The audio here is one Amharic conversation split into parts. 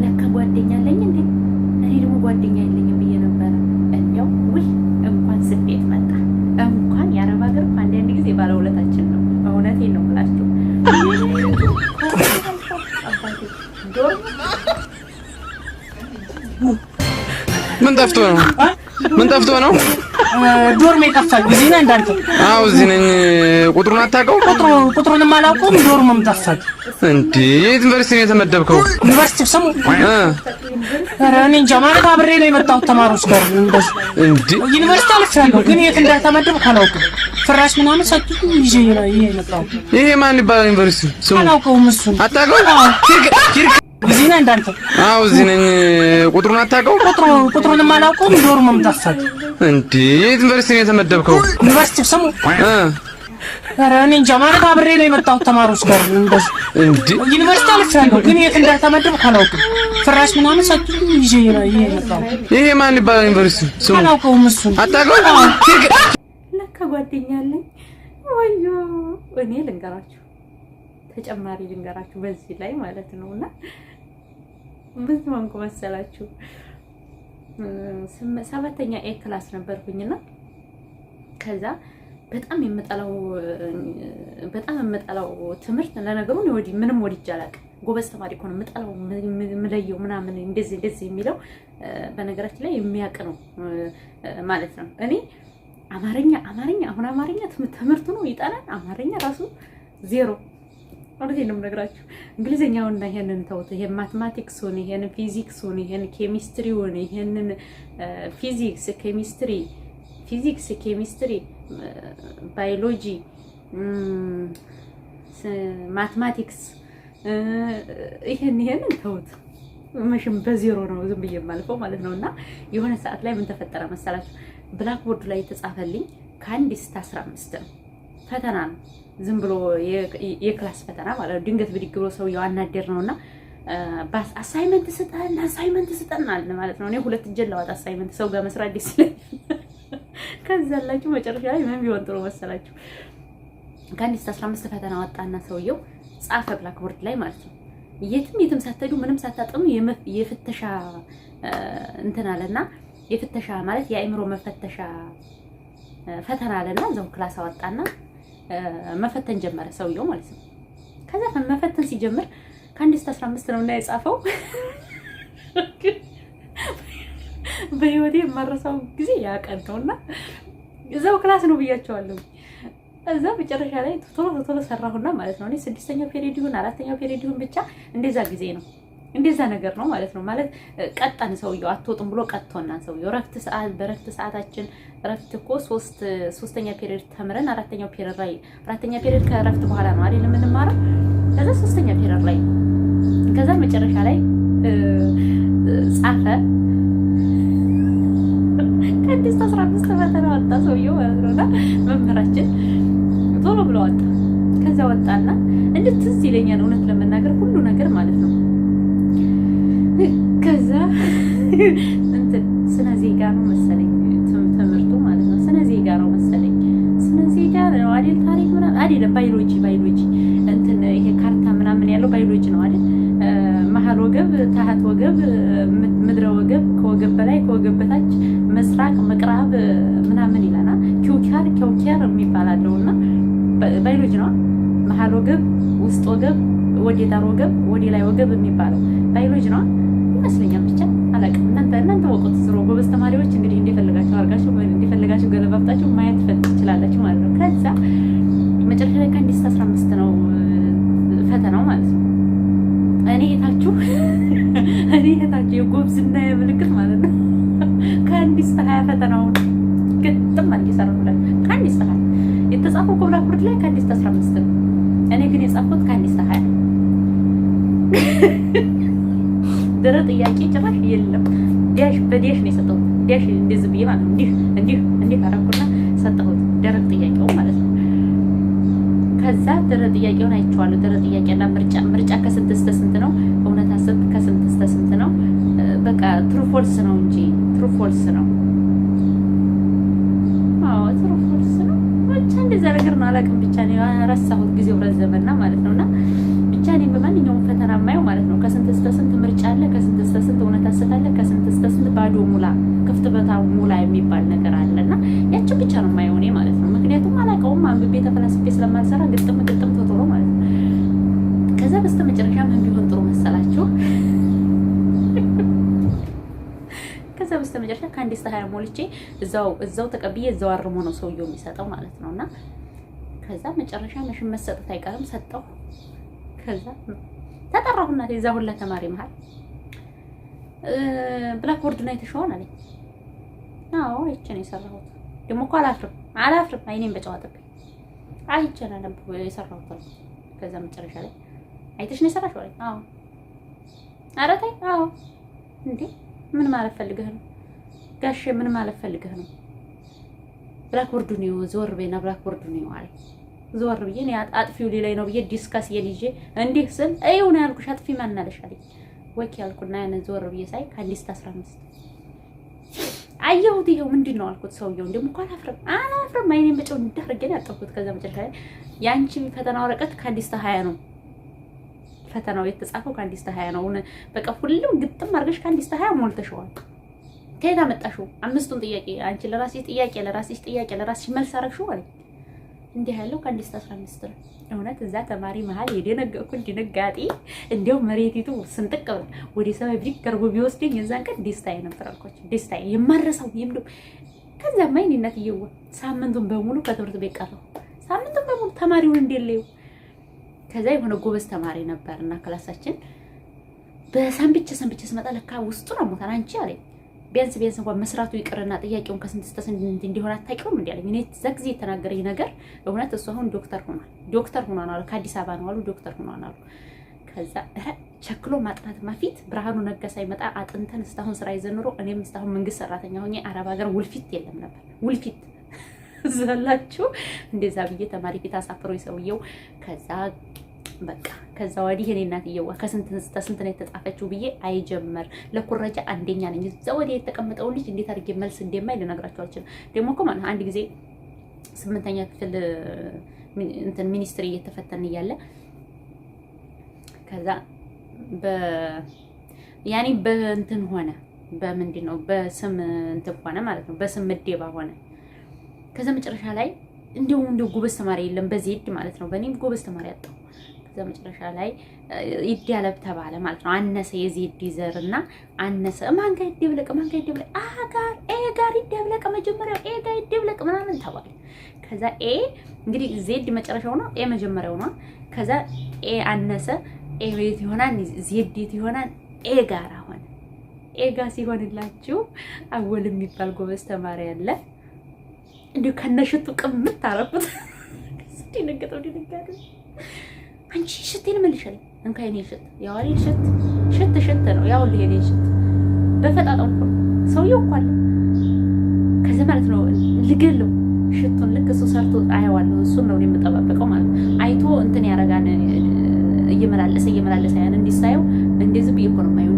ለካ ጓደኛ አለኝ እንዴ! እኔ ደግሞ ጓደኛ የለኝም ብዬ ነበረ። እንዲያው ውይ እንኳን ስደት መጣ እንኳን የአረብ ሀገር አንዳንድ ጊዜ ባለውለታችን ነው። እውነቴን ነው የምላችሁ ምን ጠፍቶ ነው ምን ጠፍቶ ነው? ዶርም የጠፋኝ እዚህ ነህ እንዳንተ? አዎ እዚህ ነኝ። ቁጥሩን ቁጥሩ ቁጥሩን ቁጥሩንም አላውቀውም። ዶርምም ጠፋኝ። እንዴ ዩኒቨርሲቲ ነው የተመደብከው? ዩኒቨርሲቲ ስሙ እ ኧረ እኔ እንጃ ማለት አብሬ ነው የመጣሁት ተማሪዎች ጋር እንደዚህ። እንዴ ዩኒቨርሲቲ አልፌያለሁ፣ ግን የት እንዳልተመደብኩ አላውቅም። ፍራሽ ምናምን ሰጡኝ ይዤ ነው የመጣሁት። ይሄ ማን ይባላል ዩኒቨርሲቲ ስሙ? አላውቀውም። እሱን አታውቀውም? እዚህ ነህ እንዳንተ? አዎ እዚህ ነኝ። ቁጥሩን አታውቀውም? ቁጥሩ ቁጥሩንም አላውቀውም። ዶርምም ጠፋኝ። እንዴ ዩኒቨርሲቲ ነው የተመደብከው? ዩኒቨርሲቲ ስሙ ኧረ እኔ እንጃ። ማለት አብሬ ነው የመጣሁት ተማሪዎች ጋር እንዴ ዩኒቨርሲቲ አልፌያለሁ፣ ግን የት እንዳልተመደብኩ አላውቅም። ፍራሽ ምናምን ሰጡኝ ይዤ የመጣሁት። ይሄ ማን ይባላል ዩኒቨርሲቲ ስሙ? አላውቀውም። እሱን አታውቀውም? ለካ ጓደኛ አለኝ። ወዮ እኔ ልንገራችሁ፣ ተጨማሪ ልንገራችሁ በዚህ ላይ ማለት ነውና ምን ሆንኩ መሰላችሁ? ሰባተኛ ኤ ክላስ ነበርኩኝና ከዛ በጣም የምጠላው በጣም የምጠላው ትምህርት ለነገሩ ወዲ ምንም ወዲጄ አላውቅም። ጎበዝ ተማሪ እኮ ነው የምጠላው የምለየው ምናምን እንደዚህ እንደዚህ የሚለው በነገራችን ላይ የሚያውቅ ነው ማለት ነው። እኔ አማርኛ አማርኛ አሁን አማርኛ ትምህርቱ ነው ይጠላል። አማርኛ ራሱ ዜሮ እውነቴን ነው የምነግራችሁ። እንግሊዝኛውና ይሄንን ተውት። ይሄን ማትማቲክሱን፣ ይሄን ፊዚክሱን፣ ይሄን ኬሚስትሪውን፣ ይሄንን ፊዚክስ፣ ኬሚስትሪ፣ ፊዚክስ፣ ኬሚስትሪ፣ ባዮሎጂ፣ ማትማቲክስ ይሄን ይሄንን ተውት። መሽም በዜሮ ነው ዝም ብዬ የማልፈው ማለት ነው። እና የሆነ ሰዓት ላይ ምን ተፈጠረ መሰላችሁ? ብላክቦርድ ላይ የተጻፈልኝ ከአንድ እስከ አስራ አምስት ነው ፈተና ነው። ዝም ብሎ የክላስ ፈተና ማለት ነው። ድንገት ብድግ ብሎ ሰውየው አናደር ነው እና አሳይመንት ስጠን አሳይመንት ስጠን አለ ማለት ነው። እኔ ሁለት እጄን ላወጣ አሳይመንት ሰው ጋር መስራት ደስ ከዛ ያላችሁ መጨረሻ ላይ ምን ቢሆን ጥሩ መሰላችሁ? ከአንድ እስከ አስራ አምስት ፈተና ወጣና ሰውየው ጻፈ ብላክቦርድ ላይ ማለት ነው። የትም የትም ሳትሄዱ ምንም ሳታጥኑ የፍተሻ እንትን አለና የፍተሻ ማለት የአእምሮ መፈተሻ ፈተና አለና እዛው ክላስ አወጣና መፈተን ጀመረ ሰውየው ማለት ነው። ከዛ መፈተን ሲጀምር ከአንድ እስከ አስራ አምስት ነው እና የጻፈው በህይወቴ የማረሳው ጊዜ ያቀን ነው እና እዛው ክላስ ነው ብያቸዋለሁ። እዛ መጨረሻ ላይ ቶሎ ቶሎ ሰራሁና ማለት ነው እኔ ስድስተኛው ፔሪድ ይሁን አራተኛው ፔሪድ ይሁን ብቻ እንደዛ ጊዜ ነው እንደዛ ነገር ነው ማለት ነው። ማለት ቀጣን ሰውየው አትወጥም ብሎ ቀጥቶናን ሰውየው ረፍት ሰዓት በረፍት ሰዓታችን ረፍት እኮ ሶስት ሶስተኛ ፔሪዮድ ተምረን አራተኛው ፔሪዮድ ላይ አራተኛ ፔሪዮድ ከረፍት በኋላ ነው አይደል የምንማረው። ከዛ ሶስተኛ ፔሪዮድ ላይ ከዛ መጨረሻ ላይ ጻፈ ከአዲስ አስራ አምስት ፈተና ወጣ ሰውየው ማለት ነውና መምህራችን ቶሎ ብሎ ወጣ። ከዛ ወጣና እንዴት ትዝ ይለኛል እውነት ለመናገር ሁሉ ነገር ማለት ነው ከዛ ስነ ዜጋ ነው መሰለኝ ትምህርቱ ማለት ነው። ስነ ዜጋ ነው መሰለኝ ስነ ዜጋ ነው አይደል? ታሪክ ምናምን አይደለም፣ ባዮሎጂ ባዮሎጂ እንትን ይሄ ካርታ ምናምን ያለው ባዮሎጂ ነው አይደል? መሀል ወገብ፣ ታሀት ወገብ፣ ምድረ ወገብ፣ ከወገብ በላይ ከወገብ በታች፣ መስራቅ፣ ምቅራብ ምናምን ይለናል። ኪውኪያር ኪውኪያር የሚባል አለው እና ባዮሎጂ ነው። መሀል ወገብ፣ ውስጥ ወገብ፣ ወደ ዳር ወገብ፣ ወደ ላይ ወገብ የሚባለው ባዮሎጂ ነው። አወቁት። ስሮ ጎበዝ ተማሪዎች እንግዲህ እንደፈለጋቸው አድርጋችሁ እንደፈለጋችሁ ገለባብጣችሁ ማየት ትችላላችሁ ማለት ነው። ከዛ መጨረሻ ላይ ከአንድ እስከ አስራ አምስት ነው ፈተናው ማለት ነው። እኔ እህታችሁ እኔ እህታችሁ የጎብዝና የምልክት ማለት ነው። ከአንድ እስከ ሀያ ፈተናውን ግጥም አድርጌ ሰራሁላችሁ። ከአንድ እስከ ሀያ የተጻፈው ኮብራ ላይ ከአንድ እስከ አስራ አምስት ነው። እኔ ግን የጻፍኩት ከአንድ እስከ ሀያ የነበረ ጥያቄ ጭራሽ የለም። ዲያሽ በዲያሽ ነው የሰጠሁት። ዲያሽ እንደዚህ ብዬ ማለት እንዲህ እንዲህ እንዲህ አደረኩና ሰጠሁት። ደረቅ ጥያቄው ማለት ነው። ከዛ ደረቅ ጥያቄውን አይቼዋለሁ። ደረቅ ጥያቄና ምርጫ ምርጫ ከስንት እስከ ስንት ነው? እውነታ ስንት ከስንት እስከ ስንት ነው? በቃ ትሩ ፎልስ ነው እንጂ ትሩ ፎልስ ነው። አዎ ትሩ ፎልስ ነው። ብቻ እንደዛ ነገር ነው። አላውቅም ብቻ ነው ረሳሁት። ጊዜው ረዘመና ማለት ነውና ብቻ እኔ በማንኛውም ፈተና የማየው ማለት ነው። ከስንት እስከ ስንት ምርጫ አለ፣ ከስንት እስከ ስንት እውነት ሐሰት ከስንት እስከ ስንት ባዶ ሙላ ክፍት በታ ሙላ የሚባል ነገር አለና ያችን ብቻ ነው የማየው እኔ ማለት ነው። ምክንያቱም አላውቀውም አንብቤ ተፈላስፌ ስለማልሰራ ግጥም ግጥም ተጥሎ ማለት ነው። ከዛ በስተ መጨረሻ ምን ቢሆን ጥሩ መሰላችሁ? ከዛ በስተ መጨረሻ ከአንድ እስከ ሀያ ሞልቼ እዛው እዛው ተቀብዬ እዛው አርሞ ነው ሰውየው የሚሰጠው ማለት ነውና ከዛ መጨረሻ መሽመት መሰጠት አይቀርም ሰጠው። ከዛ ተጠራሁና እዛ ሁላ ተማሪ መሀል ብላክቦርድ ላይ ተሾን አለኝ። አዎ አይቼ ነው የሰራሁት። ደግሞ እኮ አላፍርም አላፍርም አይኔን በጨዋጥብኝ አይቼ ነው የሰራሁት። ከዛ መጨረሻ ላይ አይተሽ ነው የሰራሽው አለኝ። አዎ ኧረ ተይ። አዎ እንዴ ምን ማለት ፈልገህ ነው ጋሼ? ምን ማለት ፈልገህ ነው? ብላክቦርዱ ነው ዞር በይና ብላክቦርዱ ነው አለኝ። ዞር ብዬ አጥፊው ሌላይ ነው ብዬ ዲስከስ የልጄ እንዲህ ስል ይኸው ነው ያልኩሽ፣ አጥፊ አለሽ አለኝ። ወኪ ያልኩና ያን ዞር ብዬ ሳይ ከአዲስት አስራ አምስት አየሁት። ይኸው ምንድን ነው አልኩት። ሰውየው ደግሞ እኮ አላፍርም አላፍርም አይኔን ብጨው እንዳርገን ያጠፉት። ከዛ መጨረሻ ላይ የአንቺ ፈተና ወረቀት ከአዲስት ሀያ ነው ፈተናው የተጻፈው ከአንድ እስከ ሀያ ነው። በቃ ሁሉም ግጥም አድርገሽ ከአንድ ሀያ ሞልተሽዋል። ከየት አመጣሽው? አምስቱን ጥያቄ አንቺ ለራስሽ ጥያቄ ለራስሽ ጥያቄ ለራስሽ መልስ አደረግሽው አለኝ። እንዲህ ያለው ከአንድ እስከ አስራ አምስት ነው። እውነት እዛ ተማሪ መሀል የደነገኩ ድንጋጤ እንዲያው መሬቲቱ ስንጥቅ ወደ ሰማይ ብድግ ቀርቦ ቢወስደኝ የዛን ቀን ደስታዬ ነበር አልኳቸው። ደስታዬ የማረሳው ይምዱ። ማይን የእኔ እናትዬ ሳምንቱን በሙሉ ከትምህርት ቤት ሳምንቱን በሙሉ ተማሪውን እንደለዩ ከዛ የሆነ ጎበዝ ተማሪ ነበር እና ክላሳችን በሰንብቼ ሰንብቼ ስመጣ ለካ ውስጡ ነው ሞታል አንቺ አለኝ ቢያንስ ቢያንስ እንኳን መስራቱ ይቅርና ጥያቄውን ከስንት እስከ ስንት እንዲሆን አታውቂውም እንዲ ያለኝ እኔ እዛ ጊዜ የተናገረኝ ነገር እውነት እሱ አሁን ዶክተር ሆኗል። ዶክተር ሆኗን አሉ ከአዲስ አበባ ነው አሉ ዶክተር ሆኗን አሉ። ከዛ ረ ቸክሎ ማጥናት ማፊት ብርሃኑ ነጋ ሳይመጣ አጥንተን እስታሁን ስራ ይዘን እኔም እስታሁን መንግስት ሰራተኛ ሆኜ አረብ ሀገር ውልፊት የለም ነበር ውልፊት ዘላችሁ እንደዛ ብዬ ተማሪ ፊት አሳፍሮ ሰውየው ከዛ በቃ ከዛ ወዲህ እኔ እናትየዋ ከስንት ስንት ነው የተጣፈችው ብዬ አይጀመር ለኩረጃ አንደኛ ነኝ። እዛ ወዲህ የተቀመጠው ልጅ እንዴት አድርጌ መልስ እንደማይ ልነግራቸው አልችልም። ደግሞ እኮ ማለት አንድ ጊዜ ስምንተኛ ክፍል እንትን ሚኒስትሪ እየተፈተን እያለ ከዛ በ ያኔ በእንትን ሆነ በምንድን ነው በስም እንትን ሆነ ማለት ነው በስም ምደባ ሆነ። ከዛ መጨረሻ ላይ እንዲሁም እንዲሁ ጎበዝ ተማሪ የለም በዚህ ሄድ ማለት ነው። በእኔም ጎበዝ ተማሪ አጣሁ። ከዛ መጨረሻ ላይ ይደለብ ተባለ ማለት ነው። አነሰ የዜድ ዘር እና አነሰ ማንጋ ጋር ይደብለቅ፣ ማን ይደብለቅ፣ አ ኤ ጋር ይደብለቅ፣ መጀመሪያው ኤ ጋር ይደብለቅ ምናምን ተባለ። ከዛ ኤ እንግዲህ ዜድ መጨረሻው ነው፣ ኤ መጀመሪያው ነው። ከዛ ኤ አነሰ፣ ኤ የት ይሆናል፣ ዜድ የት ይሆናል፣ ኤ ጋር ሆነ። ኤ ጋር ሲሆንላችሁ አወል የሚባል ጎበዝ ተማሪ አለ እንዲሁ ከነሽቱ ቅምት አረፉት። አንቺ ሽቴን መልሻል እንካ የኔ ሽት ያው ሽት ሽት ሽት ነው ያው ለኔ ሽት በፈጣጣው እኮ ሰውዬው እኮ አለ ከዚህ ማለት ነው ልገለው ሽቱን ልክ እሱ ሰርቶ አየዋለሁ። እሱን ነው የምጠባበቀው ማለት አይቶ እንትን ያደርጋል። እየመላለሰ እየመላለሰ ያን እንዲሳየው እንደዚህ ብዬ እኮ ነው የማየው።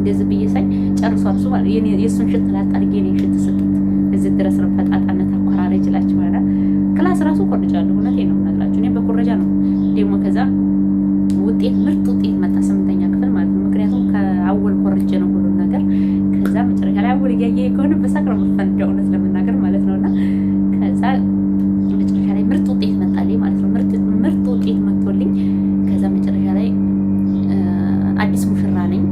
እንደዚህ ብዬ ሳይ ጨርሷል የእሱን ሽት ላጣርጌ ኔ ሽት ስጥት እዚህ ድረስ ነው ፈጣጣነት አኮራረጅ ላችሁ ክላስ ራሱ ቆርጫለሁ። እውነቴን ነው የምነግራችሁ እኔ በኮረጃ ነው ደግሞ ከዛ ውጤት ምርጥ ውጤት መጣ፣ ስምንተኛ ክፍል ማለት ነው። ምክንያቱም ከአወል ኮርጀ ነው ሁሉም ነገር። ከዛ መጨረሻ ላይ አወል እያየ ከሆነ በሳቅ ነው የምፈንደው እውነት ለመናገር ማለት ነው። እና ከዛ መጨረሻ ላይ ምርጥ ውጤት መጣልኝ ማለት ነው። ምርጥ ውጤት መጥቶልኝ ከዛ መጨረሻ ላይ አዲስ ሙሽራ ነኝ።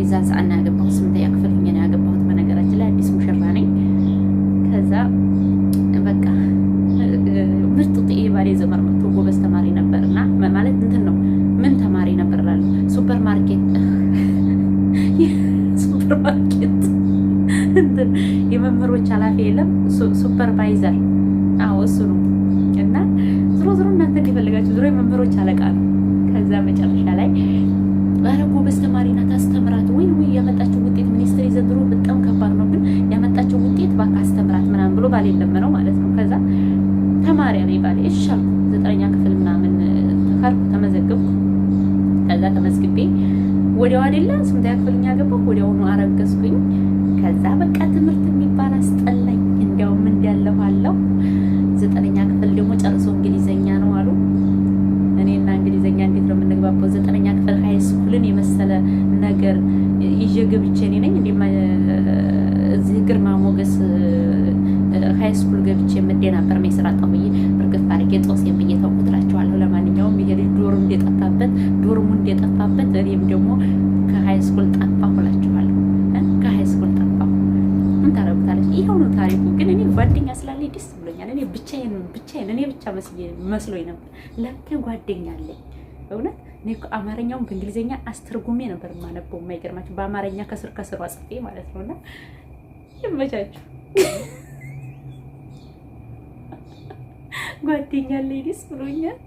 የዛን ሰዓት ነው ያገባሁት፣ ስምንተኛ ክፍል ሁኜ ነው ያገባሁት። በነገራችን ላይ አዲስ ሙሽራ ነኝ። ከዛ በቃ ምርጥ የባሌ ዘመር መጥቶ ጎበዝ ተማሪ ነበር እና ማለት እንትን ነው ምን ተማሪ ነበር ላሉ ሱፐር ማርኬት ሱፐር ማርኬት እንትን የመምህሮች ኃላፊ የለም ሱፐርቫይዘር። አዎ እና ዝሮ ዝሮ እናንተ የፈለጋችሁ ዝሮ የመምህሮች አለቃ ነው። ከዛ መጨረሻ ላይ ኧረ ጎበዝ ተማሪ ናት አስተምራት፣ ወይ ወይ ያመጣችው ውጤት ሚኒስትር ዘንድሮ በጣም ከባድ ነው፣ ግን ያመጣችው ውጤት እባክህ አስተምራት ምናምን ብሎ ባሌ ለመነው ማለት ነው ከዛ ተማሪያ ነኝ ባለ እሺ ዘጠነኛ ክፍል ምናምን ተካርኩ ተመዘገብኩ። ከዛ ተመዝግቤ ወዲያው አይደለ ስምንተኛ ክፍል እኛ ወዲያውኑ አረገዝኩኝ። ከዛ በቃ ትምህርት የሚባል አስጠላኝ። እንዲያውም እንዲያለሁ አለው። ዘጠነኛ ክፍል ደግሞ ጨርሶ እንግሊዘኛ ነው አሉ። እኔና እንግሊዘኛ እንዴት ነው የምንግባባው? ዘጠነኛ ክፍል ሀይ ስኩልን የመሰለ ነገር ይዤ ገብቼ እኔ ነኝ እንዲ እዚህ ግርማ ሞገስ ሃይስኩል ገብቼ የምደናበር ነው የስራ ጠብዬ እርግፍ አድርጌ ጦስ የምዬ ተውኩት እላቸዋለሁ። ለማንኛውም ይሄ ልጅ ዶርም እንደጠፋበት ዶርሙ እንደጠፋበት እኔም ደግሞ ከሃይስኩል ጠፋ እላቸዋለሁ። ከሃይስኩል ጠፋሁ እንታረጉታለች። ይኸው ነው ታሪኩ። ግን እኔ ጓደኛ ስላለኝ ደስ ብሎኛል። እኔ ብቻዬን ብቻዬን እኔ ብቻ መስሎኝ ነበር። ለምን ጓደኛ አለኝ እውነት እኔ እኮ አማርኛውን በእንግሊዝኛ አስተርጉሜ ነበር የማነበው። የማይገርማቸው በአማርኛ ከስር ከስር ጽፌ ማለት ነውና ይመቻችሁ። ጓደኛ ሌዲስ ብሎኛል።